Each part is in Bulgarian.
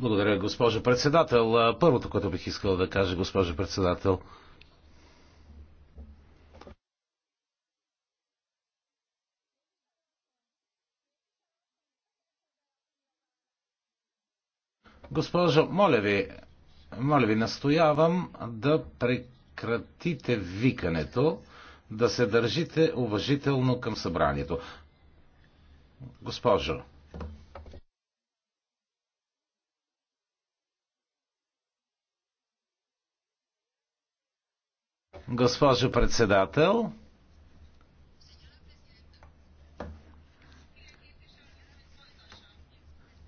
Благодаря, госпожо председател. Първото, което бих искал да кажа, госпожо председател, Госпожо, моля ви, моля ви, настоявам да прекратите викането, да се държите уважително към събранието. Госпожо. Госпожо председател,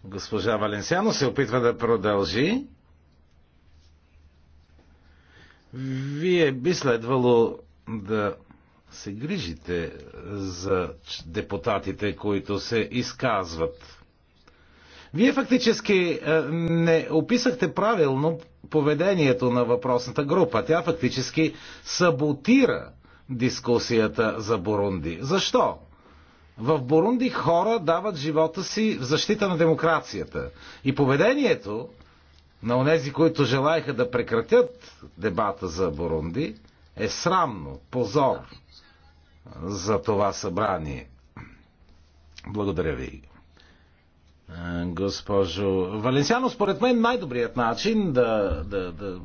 госпожа Валенсиано се опитва да продължи. Вие би следвало да се грижите за депутатите, които се изказват. Вие фактически е, не описахте правилно поведението на въпросната група. Тя фактически саботира дискусията за Бурунди. Защо? В Бурунди хора дават живота си в защита на демокрацията. И поведението на онези, които желаяха да прекратят дебата за Бурунди, е срамно, позор за това събрание. Благодаря ви. Госпожо Валенсиано, според мен най-добрият начин да, да, да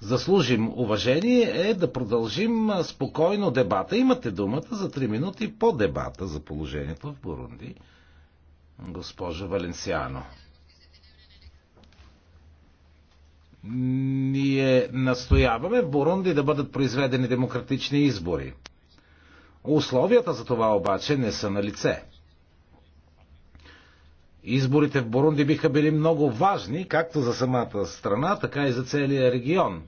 заслужим уважение е да продължим спокойно дебата. Имате думата за 3 минути по дебата за положението в Бурунди. Госпожо Валенсиано. Ние настояваме в Бурунди да бъдат произведени демократични избори. Условията за това обаче не са на лице. Изборите в Бурунди биха били много важни, както за самата страна, така и за целия регион.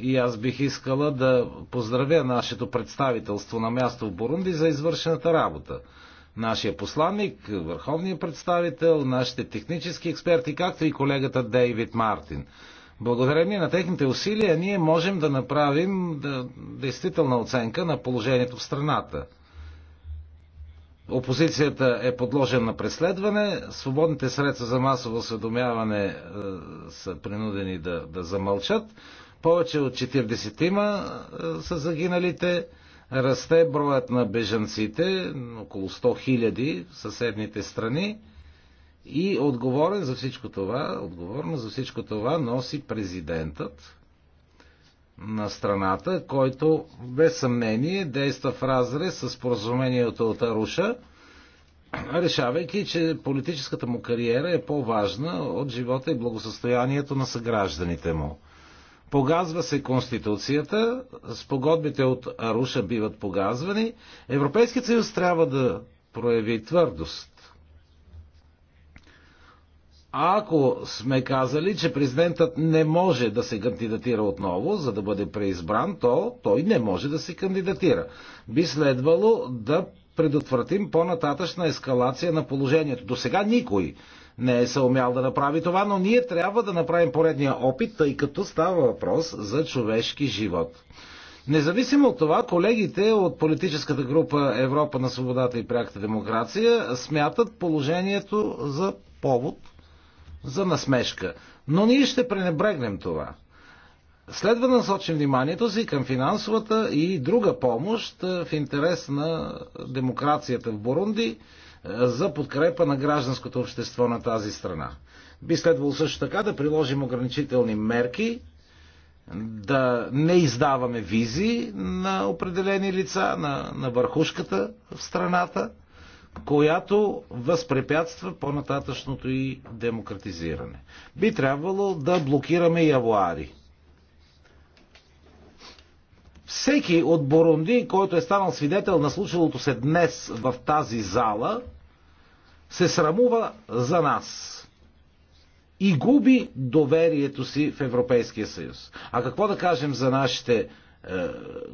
И аз бих искала да поздравя нашето представителство на място в Бурунди за извършената работа. Нашия посланник, върховният представител, нашите технически експерти, както и колегата Дейвид Мартин. Благодарение на техните усилия ние можем да направим да, действителна оценка на положението в страната. Опозицията е подложена на преследване, свободните средства за масово осведомяване е, са принудени да, да замълчат. Повече от 40-ма е, са загиналите. Расте броят на бежанците, около 100 000 в съседните страни. И отговорен за всичко това, отговорно за всичко това носи президентът на страната, който без съмнение действа в разрез с поразумението от Аруша, решавайки, че политическата му кариера е по-важна от живота и благосъстоянието на съгражданите му. Погазва се Конституцията, спогодбите от Аруша биват погазвани. Европейският съюз трябва да прояви твърдост ако сме казали, че президентът не може да се кандидатира отново, за да бъде преизбран, то той не може да се кандидатира. Би следвало да предотвратим по-нататъчна ескалация на положението. До сега никой не е съумял да направи това, но ние трябва да направим поредния опит, тъй като става въпрос за човешки живот. Независимо от това, колегите от политическата група Европа на свободата и пряката демокрация смятат положението за повод за насмешка. Но ние ще пренебрегнем това. Следва да насочим вниманието си към финансовата и друга помощ в интерес на демокрацията в Бурунди за подкрепа на гражданското общество на тази страна. Би следвало също така да приложим ограничителни мерки, да не издаваме визи на определени лица, на, на върхушката в страната – която възпрепятства по-нататъчното и демократизиране. Би трябвало да блокираме явуари. Всеки от Борунди, който е станал свидетел на случилото се днес в тази зала, се срамува за нас и губи доверието си в Европейския съюз. А какво да кажем за нашите е,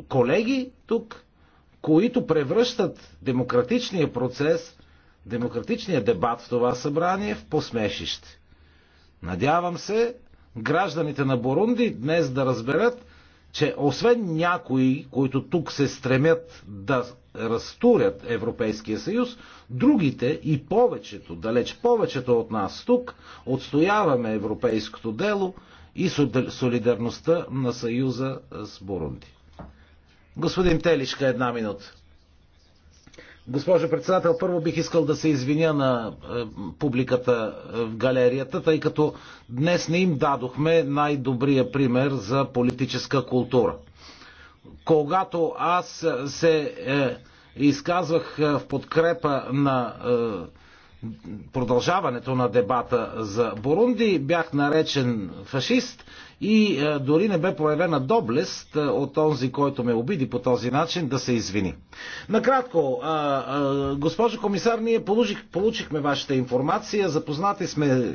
колеги тук които превръщат демократичния процес, демократичния дебат в това събрание в посмешище. Надявам се гражданите на Бурунди днес да разберат, че освен някои, които тук се стремят да разтурят Европейския съюз, другите и повечето, далеч повечето от нас тук, отстояваме европейското дело и солидарността на съюза с Бурунди. Господин Телишка, една минута. Госпожо председател, първо бих искал да се извиня на е, публиката в галерията, тъй като днес не им дадохме най-добрия пример за политическа култура. Когато аз се е, изказвах е, в подкрепа на е, продължаването на дебата за Бурунди, бях наречен фашист и е, дори не бе проявена доблест е, от този, който ме обиди по този начин, да се извини. Накратко, е, госпожо комисар, ние получих, получихме вашата информация, запознати сме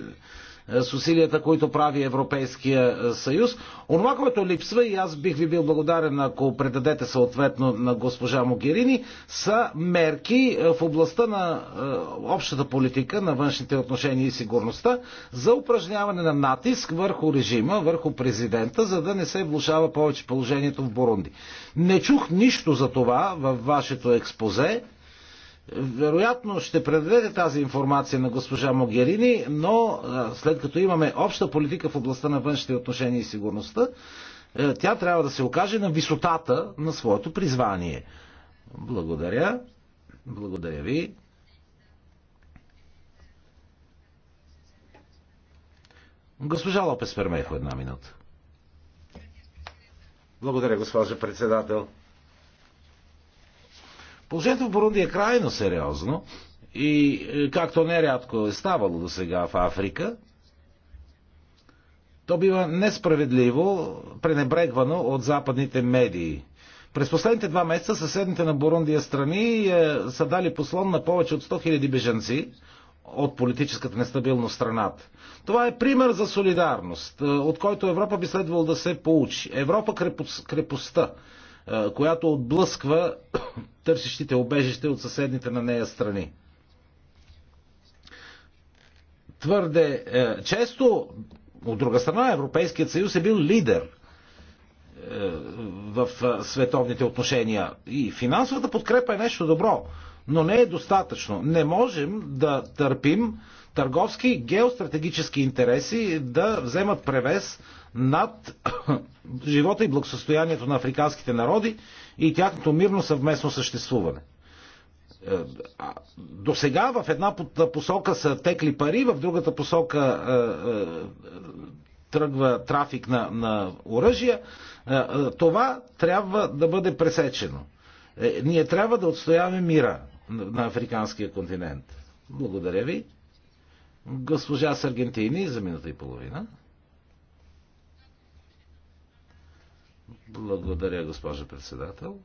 е, с усилията, които прави Европейския е, съюз. Онова, което липсва, и аз бих ви бил благодарен, ако предадете съответно на госпожа Могерини, са мерки е, в областта на общата политика на външните отношения и сигурността за упражняване на натиск върху режима, върху президента, за да не се влушава повече положението в Бурунди. Не чух нищо за това във вашето експозе. Вероятно ще предадете тази информация на госпожа Могерини, но след като имаме обща политика в областта на външните отношения и сигурността, е, тя трябва да се окаже на висотата на своето призвание. Благодаря. Благодаря ви. Госпожа Лопес Фермехо, една минута. Благодаря, госпожо председател. Положението в Бурунди е крайно сериозно и е, както нерядко е ставало до сега в Африка, то бива несправедливо пренебрегвано от западните медии. През последните два месеца съседните на Бурундия страни е, са дали послон на повече от 100 000 беженци от политическата нестабилност страната. Това е пример за солидарност, е, от който Европа би следвало да се получи. Европа крепост, крепостта, която отблъсква търсещите обежище от съседните на нея страни. Твърде е, често, от друга страна, Европейският съюз е бил лидер е, в е, световните отношения. И финансовата подкрепа е нещо добро, но не е достатъчно. Не можем да търпим търговски геостратегически интереси да вземат превес над живота и благосъстоянието на африканските народи и тяхното мирно съвместно съществуване. Е, до сега в една посока са текли пари, в другата посока е, е, тръгва трафик на, на оръжия. Това трябва да бъде пресечено. Ние трябва да отстояваме мира на африканския континент. Благодаря ви. Госпожа с Аргентини за минута и половина. Благодаря, госпожа председател.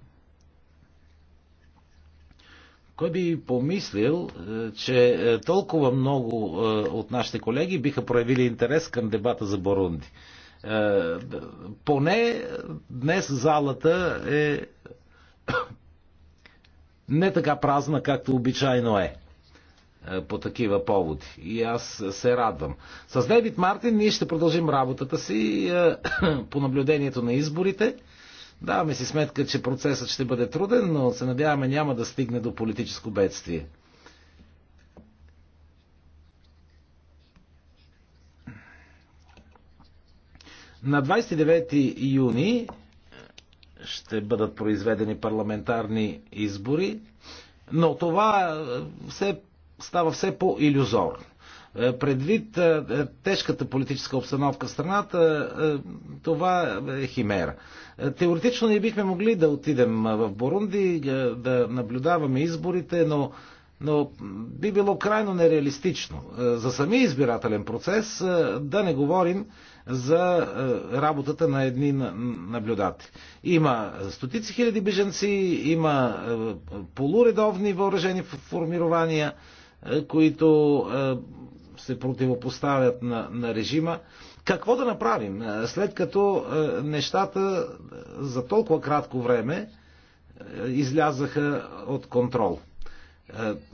Кой би помислил, е, че е, толкова много е, от нашите колеги биха проявили интерес към дебата за Борунди? Поне днес залата е не така празна, както обичайно е. Е, по такива поводи. И аз се радвам. С Дейвид Мартин ние ще продължим работата си е, по наблюдението на изборите. Даваме си сметка, че процесът ще бъде труден, но се надяваме няма да стигне до политическо бедствие. На 29 юни ще бъдат произведени парламентарни избори, но това е, все става все по-иллюзорно. Е, предвид е, е, тежката политическа обстановка в страната, това е химера. Теоретично ние бихме могли да отидем в Бурунди, да наблюдаваме изборите, но но би било крайно нереалистично за самия избирателен процес да не говорим за работата на едни наблюдатели. Има стотици хиляди беженци, има полуредовни въоръжени формирования – е, които е, се противопоставят на, на режима. Какво да направим, е, след като нещата за толкова кратко време излязаха от контрол?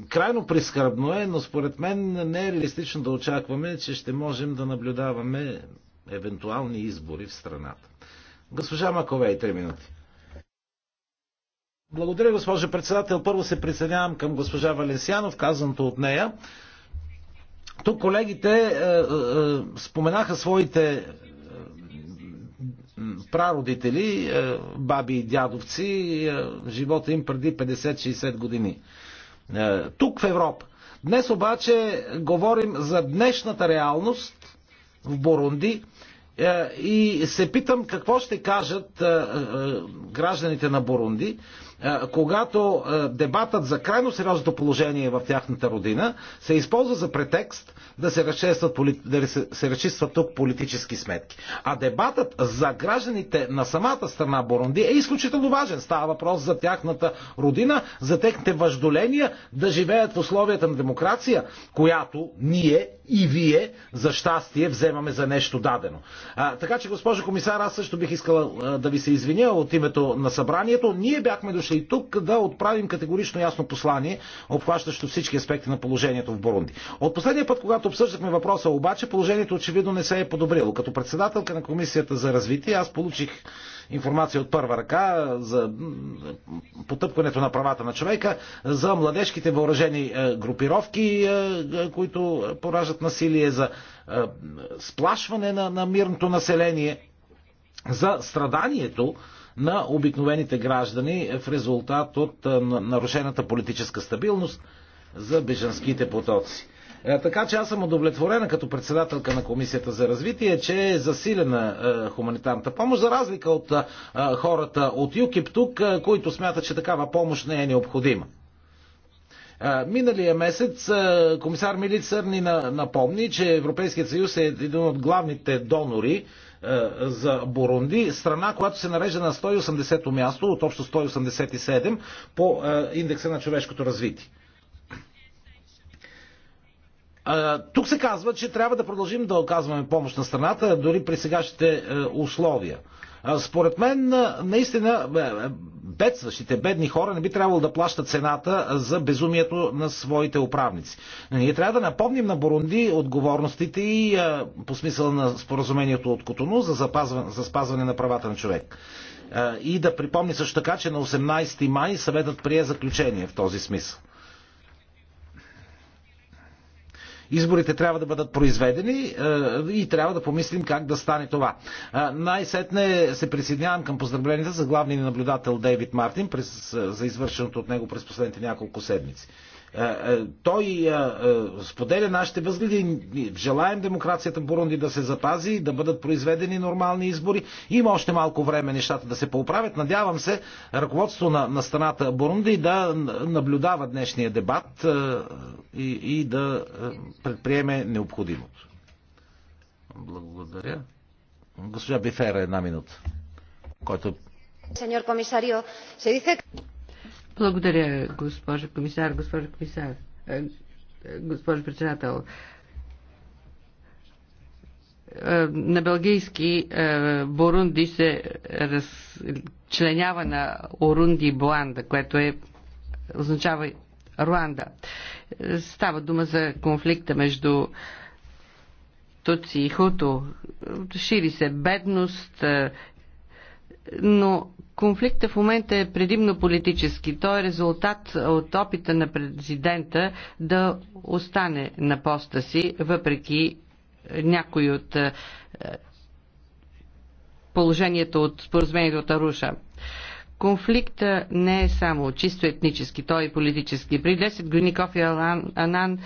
Крайно прискърбно е, но според мен не е реалистично да очакваме, че ще можем да наблюдаваме евентуални избори в страната. Госпожа Маковей, 3 минути. Благодаря, госпожо председател. Първо се присъединявам към госпожа Валенсианов, казаното от нея. Тук колегите е, е, е споменаха своите е, прародители, е, баби и дядовци, е, живота им преди 50-60 години. Е, тук в Европа. Днес обаче говорим за днешната реалност в Бурунди е, и се питам какво ще кажат е, е, гражданите на Бурунди, когато дебатът за крайно сериозното положение е в тяхната родина се използва за претекст да се, разчистват, да се разчистват тук политически сметки. А дебатът за гражданите на самата страна Борунди е изключително важен. Става въпрос за тяхната родина, за техните въждоления да живеят в условията на демокрация, която ние и вие, за щастие, вземаме за нещо дадено. А, така че, госпожо комисар, аз също бих искала да ви се извиня от името на събранието. Ние бяхме дошли трябваше и тук да отправим категорично ясно послание, обхващащо всички аспекти на положението в Бурунди. От последния път, когато обсъждахме въпроса обаче, положението очевидно не се е подобрило. Като председателка на Комисията за развитие, аз получих информация от първа ръка за потъпването на правата на човека, за младежките въоръжени е, групировки, е, е, които поражат насилие, за сплашване на, на мирното население, за страданието, на обикновените граждани в резултат от нарушената политическа стабилност за бежанските потоци. Е, така че аз съм удовлетворена като председателка на Комисията за развитие, че е засилена е, хуманитарната помощ, за разлика от е, хората от ЮКИП тук, е, които смятат, че такава помощ не е необходима. Е, миналия месец е, комисар Милицър ни напомни, че Европейският съюз е един от главните донори е, за Бурунди, страна, която се нарежда на 180-то място от общо 187 по е, индекса на човешкото развитие. Е, тук се казва, че трябва да продължим да оказваме помощ на страната, дори при сегашните условия. Според мен, наистина, бедстващите, бедни хора не би трябвало да плащат цената за безумието на своите управници. Ние трябва да напомним на Бурунди отговорностите и по смисъла на споразумението от Котону за, запазване, за спазване на правата на човек. И да припомни също така, че на 18 май съветът прие заключение в този смисъл. Изборите трябва да бъдат произведени е, и трябва да помислим как да стане това. Е, най-сетне се присъединявам към поздравленията за главния наблюдател Дейвид Мартин е, за извършеното от него през последните няколко седмици. Е, е, той е, споделя нашите възгледи. Желаем демокрацията в Бурунди да се запази, да бъдат произведени нормални избори. Има още малко време нещата да се поправят. Надявам се ръководство на, на страната Бурунди да наблюдава днешния дебат и, и да предприеме необходимото. Благодаря. Госпожа Бифера, една минута. Който... Señor comisario, se dice... Благодаря, госпожо комисар, госпожо комисар, е, е, госпожо председател. Е, на белгийски Бурунди се разчленява на Орунди Буанда, което е, означава Руанда. Става дума за конфликта между Туци и Хуто. Шири се бедност, но Конфликта в момента е предимно политически. Той е резултат от опита на президента да остане на поста си, въпреки някои от е, положението от споразумението от Аруша. Конфликта не е само чисто етнически, той е политически. При 10 години Кофи Анан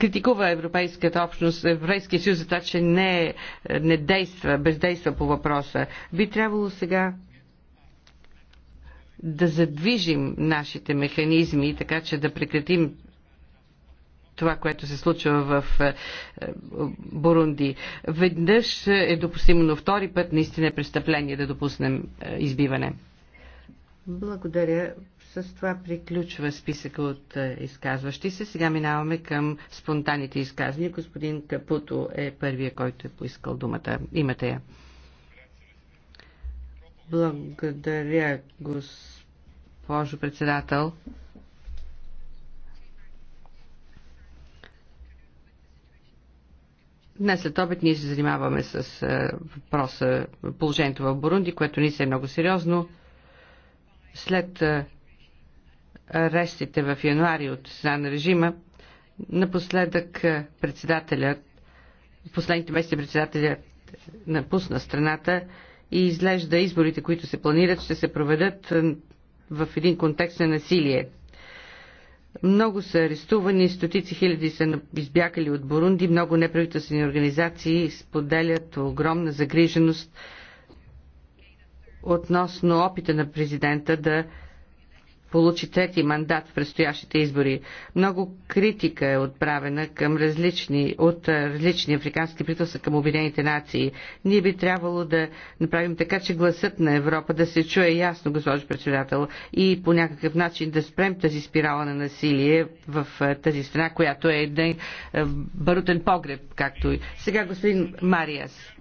критикува Европейската общност, Европейския съюз за това, че не, не действа, бездейства по въпроса. Би трябвало сега да задвижим нашите механизми, така че да прекратим това, което се случва в е, Бурунди. Веднъж е допустимо, но втори път наистина е престъпление да допуснем е, избиване. Благодаря. С това приключва списъка от е, изказващи се. Сега минаваме към спонтанните изказвания. Господин Капуто е първия, който е поискал думата. Имате я. Благодаря, госпожо председател. Днес след обед ние се занимаваме с е, въпроса положението в Бурунди, което ни се е много сериозно. След е, арестите в януари от страна на режима, напоследък председателят, последните месеци председателят напусна страната и изглежда изборите, които се планират, ще се проведат в един контекст на насилие. Много са арестувани, стотици хиляди са избягали от Бурунди, много неправителствени организации споделят огромна загриженост относно опита на президента да получи трети мандат в предстоящите избори. Много критика е отправена към различни, от различни африкански правителства към Обединените нации. Ние би трябвало да направим така, че гласът на Европа да се чуе ясно, госпожо председател, и по някакъв начин да спрем тази спирала на насилие в тази страна, която е един барутен погреб, както и. Сега господин Мариас.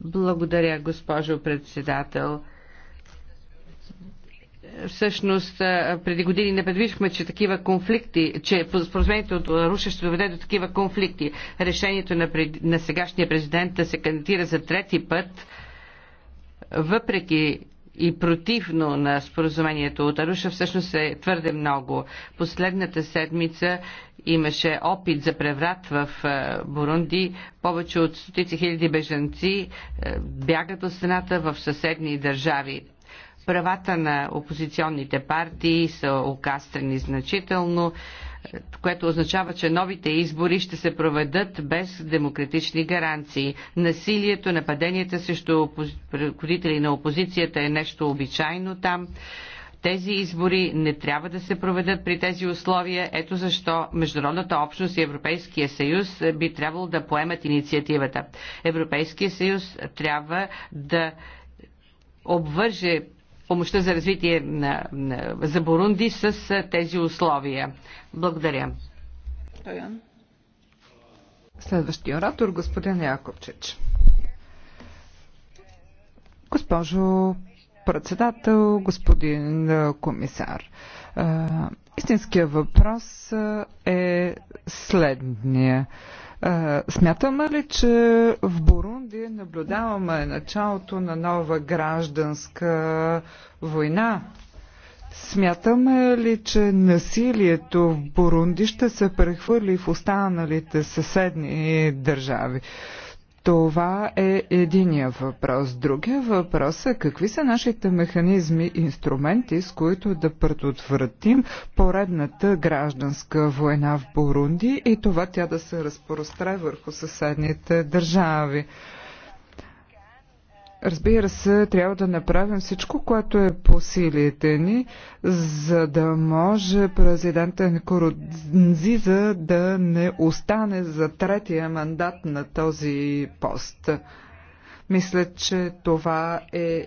Благодаря, госпожо председател. Всъщност, преди години не предвиждахме, че такива конфликти, че споразумението от Руша ще доведе до такива конфликти. Решението на, пред... на сегашния президент да се кандидира за трети път, въпреки и противно на споразумението от Аруша всъщност е твърде много. Последната седмица имаше опит за преврат в е, Бурунди. Повече от стотици хиляди бежанци е, бягат от страната в съседни държави. Правата на опозиционните партии са окастрени значително, е, което означава, че новите избори ще се проведат без демократични гаранции. Насилието, нападенията срещу ръководители на опозицията е нещо обичайно там. Тези избори не трябва да се проведат при тези условия. Ето защо Международната общност и Европейския съюз би трябвало да поемат инициативата. Европейския съюз трябва да обвърже помощта за развитие на, на, за Бурунди с тези условия. Благодаря. Следващия оратор, господин Яковчич. Госпожо председател, господин комисар. Истинския въпрос е следния. Смятаме ли, че в Бурунди наблюдаваме началото на нова гражданска война? Смятаме ли, че насилието в Бурунди ще се прехвърли в останалите съседни държави? Това е единия въпрос. Другия въпрос е какви са нашите механизми, инструменти, с които да предотвратим поредната гражданска война в Бурунди и това тя да се разпростре върху съседните държави. Разбира се, трябва да направим всичко, което е по силите ни, за да може президента Никородзиза да не остане за третия мандат на този пост. Мисля, че това е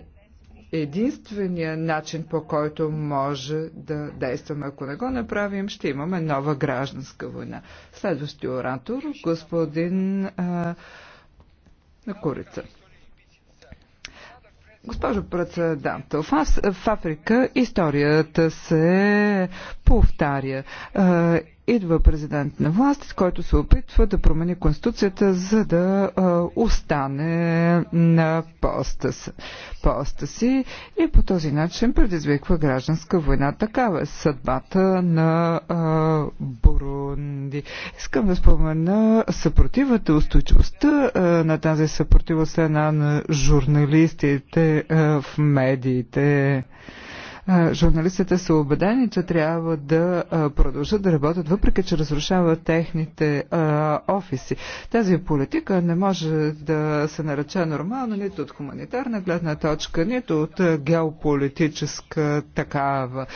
единствения начин, по който може да действаме. Ако не го направим, ще имаме нова гражданска война. Следващия оратор, господин а, Курица. Госпожо председател, в, в Африка историята се повтаря. Е, идва президент на власт, който се опитва да промени конституцията, за да остане на поста, поста си и по този начин предизвиква гражданска война. Такава е съдбата на Бурунди. Искам да спомена съпротивата, устойчивостта на тази съпротива страна на журналистите в медиите. Журналистите са убедени, че трябва да продължат да работят, въпреки че разрушават техните офиси. Тази политика не може да се нарече нормално, нито от хуманитарна гледна точка, нито от геополитическа такава.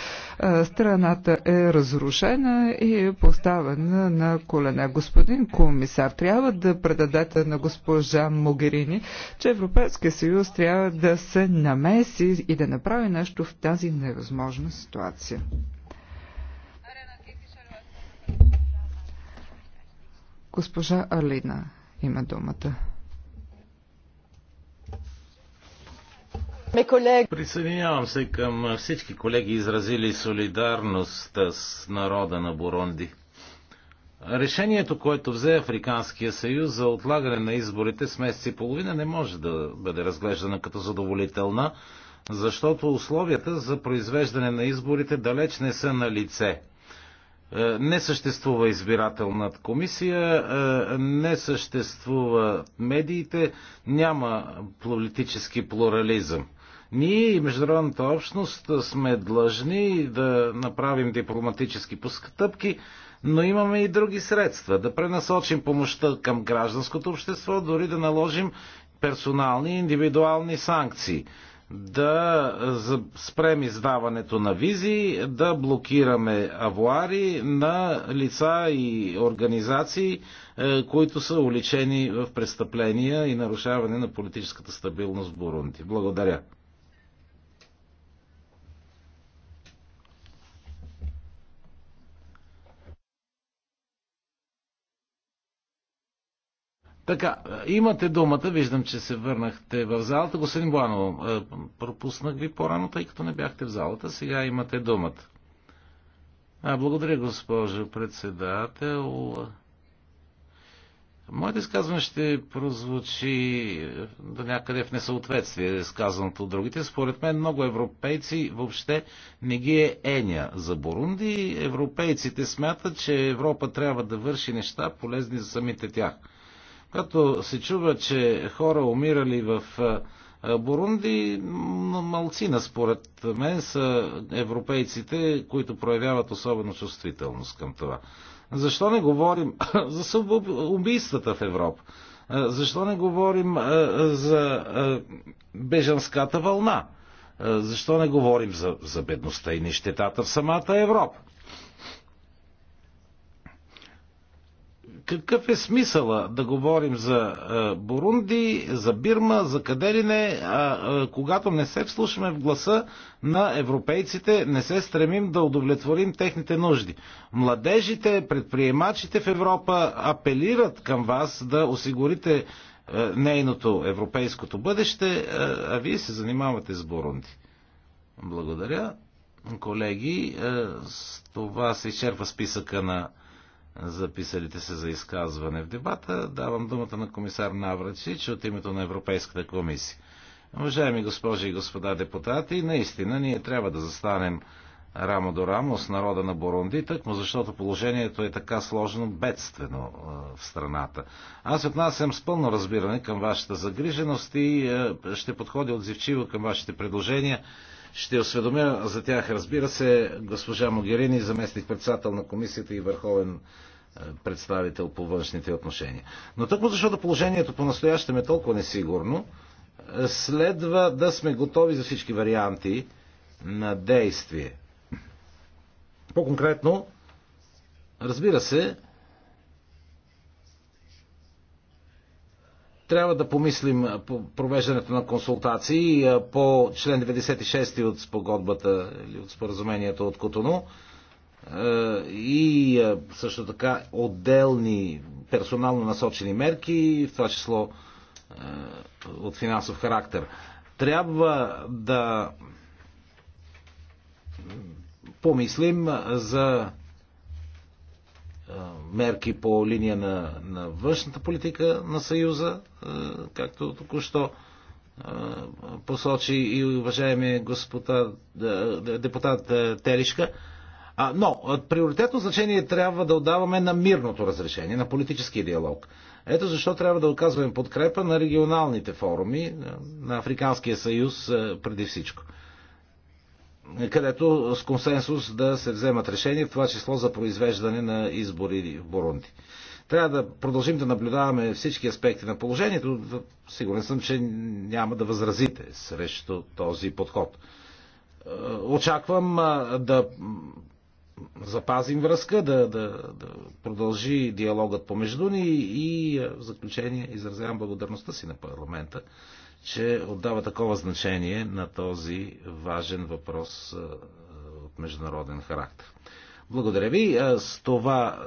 Страната е разрушена и е поставена на колене. Господин комисар, трябва да предадете на госпожа Могерини, че Европейския съюз трябва да се намеси и да направи нещо в тази невъзможна ситуация. Госпожа Алина има думата. Присъединявам се към всички колеги, изразили солидарност с народа на Бурунди. Решението, което взе Африканския съюз за отлагане на изборите с месец и половина, не може да бъде разглеждана като задоволителна, защото условията за произвеждане на изборите далеч не са на лице. Е, не съществува избирателна комисия, е, не съществува медиите, няма политически плурализъм. Ние и международната общност сме длъжни да направим дипломатически постъпки, но имаме и други средства. Да пренасочим помощта към гражданското общество, дори да наложим персонални и индивидуални санкции да спрем издаването на визи, да блокираме авуари на лица и организации, е, които са уличени в престъпления и нарушаване на политическата стабилност в Бурунди. Благодаря. Така, е, имате думата, виждам, че се върнахте в залата. Господин Буанов, е, пропуснах ви по-рано, тъй като не бяхте в залата. Сега имате думата. А, благодаря, госпожо председател. Моето изказване ще прозвучи е, до някъде в несъответствие с казаното от другите. Според мен много европейци въобще не ги е еня за Бурунди. Европейците смятат, че Европа трябва да върши неща полезни за самите тях. Когато се чува, че хора умирали в Бурунди, малцина според мен са европейците, които проявяват особено чувствителност към това. Защо не говорим за убийствата в Европа? Защо не говорим за бежанската вълна? Защо не говорим за, за бедността и нищетата в самата Европа? какъв е смисъла да говорим за е, Бурунди, за Бирма, за къде ли не, а, е, когато не се вслушаме в гласа на европейците, не се стремим да удовлетворим техните нужди. Младежите, предприемачите в Европа апелират към вас да осигурите е, нейното европейското бъдеще, а вие се занимавате с Бурунди. Благодаря, колеги. С това се изчерпва списъка на записалите се за изказване в дебата. Давам думата на комисар Навръчич от името на Европейската комисия. Уважаеми госпожи и господа депутати, наистина ние трябва да застанем рамо до рамо с народа на Бурунди, тъкмо защото положението е така сложно бедствено е, в страната. Аз отнасям с пълно разбиране към вашата загриженост и е, ще подходя отзивчиво към вашите предложения ще осведомя за тях, разбира се, госпожа Могерини, заместник председател на комисията и върховен е, представител по външните отношения. Но тъкмо защото положението по настоящем е толкова несигурно, е, следва да сме готови за всички варианти на действие. По-конкретно, разбира се, Трябва да помислим по провеждането на консултации по член 96 от спогодбата или от споразумението от Котоно и също така отделни персонално насочени мерки, в това число от финансов характер. Трябва да помислим за мерки по линия на, на външната политика на Съюза, както току-що посочи и уважаемия господа депутат Телишка. Но приоритетно значение трябва да отдаваме на мирното разрешение, на политическия диалог. Ето защо трябва да оказваме подкрепа на регионалните форуми, на Африканския съюз преди всичко където с консенсус да се вземат решения, в това число за произвеждане на избори в Бурунди. Трябва да продължим да наблюдаваме всички аспекти на положението. Сигурен съм, че няма да възразите срещу този подход. Е, очаквам да запазим връзка, да, да, да продължи диалогът помежду ни и в заключение изразявам благодарността си на парламента че отдава такова значение на този важен въпрос от международен характер. Благодаря ви. С това